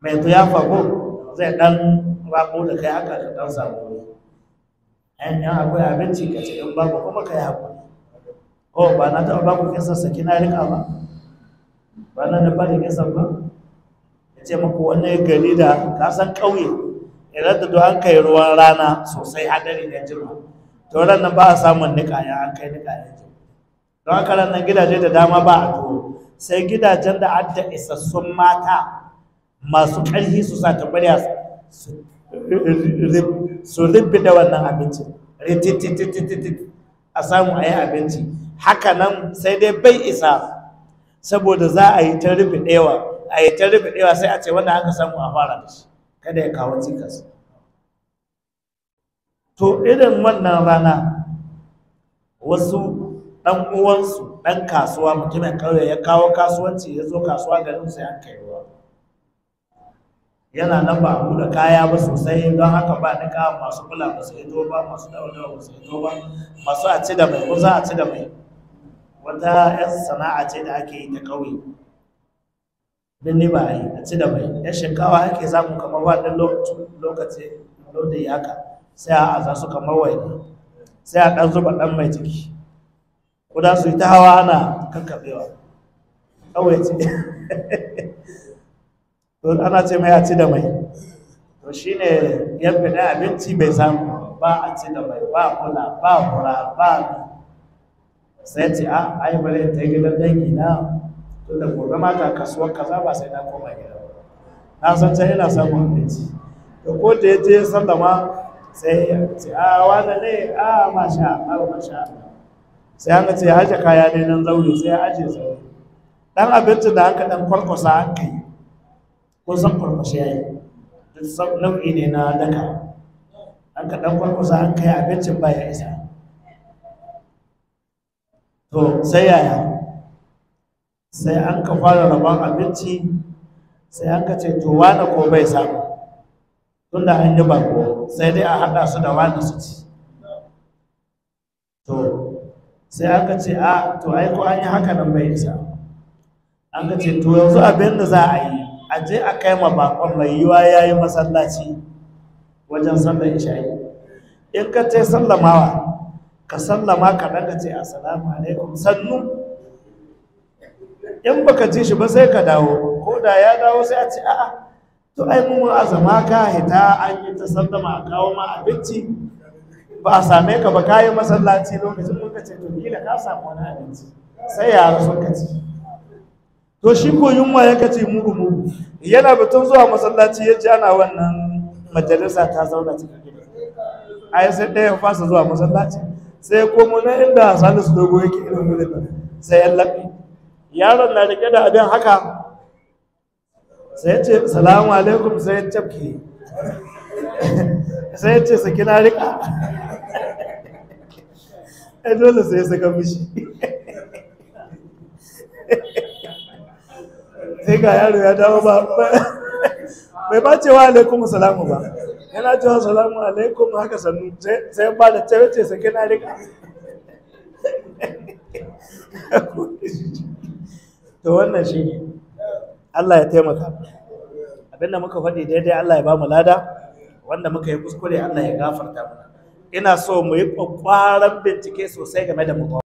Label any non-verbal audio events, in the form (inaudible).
mai tuyafa ko zai dan rako da kai haka da dan samu ne ayan yan akwai abinci ka ce in babu kuma kai hakuri ko oh, ba na taɓa baku kinsa saki na rika ba ba na da bada kinsa ba ya ce muku wani gari da san ƙauye idan da duk an kai ruwan rana sosai hadari da jirma. to ran nan ba a samun niƙa ya an kai niƙa ya jima don haka ran nan gidaje da dama ba a to sai gidajen da adda isassun mata masu ƙarfi su sa tabbariya su ribbi da wannan abinci a samu a yi abinci haka nan sai dai bai isa saboda za a yi ta rufe ɗewa a yi ta rufe ɗewa sai a ce wannan aka samu a fara da shi kada ya kawo cikas to irin wannan rana wasu ɗan uwansu ɗan kasuwa mutumin ƙauye ya kawo kasuwanci ya zo kasuwa garin sai an kai ruwa yana nan ba a da kaya ba sosai don haka ba ni ka masu kula ba su hito ba masu daura ba su hito ba masu a ci da mai ko za a ci da mai wata yan sana'a ce da ake yi ta kauye. birni ba yi a ci da mai yan shinkawa ake samu kamar wannan lokaci lodi haka sai a za su kamar wai. sai a ɗan zuba ɗan mai ciki da su yi ta hawa ana kakkaɓewa ƙauye ce (laughs) to ana ce mai a ci da mai to shi ne ya fida abinci mai samu ba a ci da mai ba kula ba kula ba sai ce a ah, aibare bare ta gidan dangi na to da gobe ma ta kasuwar kaza ba sai na koma gida na san can yana samun abinci to ko da ya je san da ma sai ya ce a ah, wanda ne a ah, masha a masha sai an ce ya haje kaya ne nan zaure sai ya aje zaure dan abincin da aka dan kwarkwasa an kai ko zan kwarkwashe ya yi nau'i ne na daka an ka ɗan kwarkwasa an kai abincin ba ya isa to sai yaya sai an ka fara rabon abinci sai an ka ce to wane ko bai samu tun da an yi bako sai dai a haɗa su da wane su ci to sai an ka ce a to ko an yi haka nan bai isa an ka ce to yanzu abin da za a yi a je a kai ma bakon mai yiwa ya yi masallaci wajen sallar isha'i in ka ce sallamawa ka sallama ka daga ce assalamu alaikum sannu in baka ji shi ba sai ka dawo ko da ya dawo sai a ce a'a to ai mun azama ka hita an yi ta sallama a kawo ma abinci ba a same ka ba kayi masallaci lokacin mun ka ce to kila ka samu wani abinci sai ya rasu ka ci to shi ko yunwa ya kace mugu mugu yana batun zuwa masallaci ya ji ana wannan majalisa ta zauna cikin gida a yi sai ɗaya fasa zuwa masallaci sai komo na inda salisu dogo yake irin wurin sai yan laɓe yaron na rike da abin haka sai ya ce salamu alaikum sai ya cafke (laughs) sai ya ce sakina rika (laughs) ai dole sai ya saka mishi (laughs) sai ga yaro ya dawo ba bai ba cewa alaikum salamu ba yana cewa salamu alaikum haka sannu sai ba da ce sake na rika to wannan shi ne Allah ya taimaka abinda muka faɗi daidai Allah ya ba mu lada wanda muka yi kuskure Allah ya gafarta ina so mu yi ƙwaƙwaran bincike sosai game da mu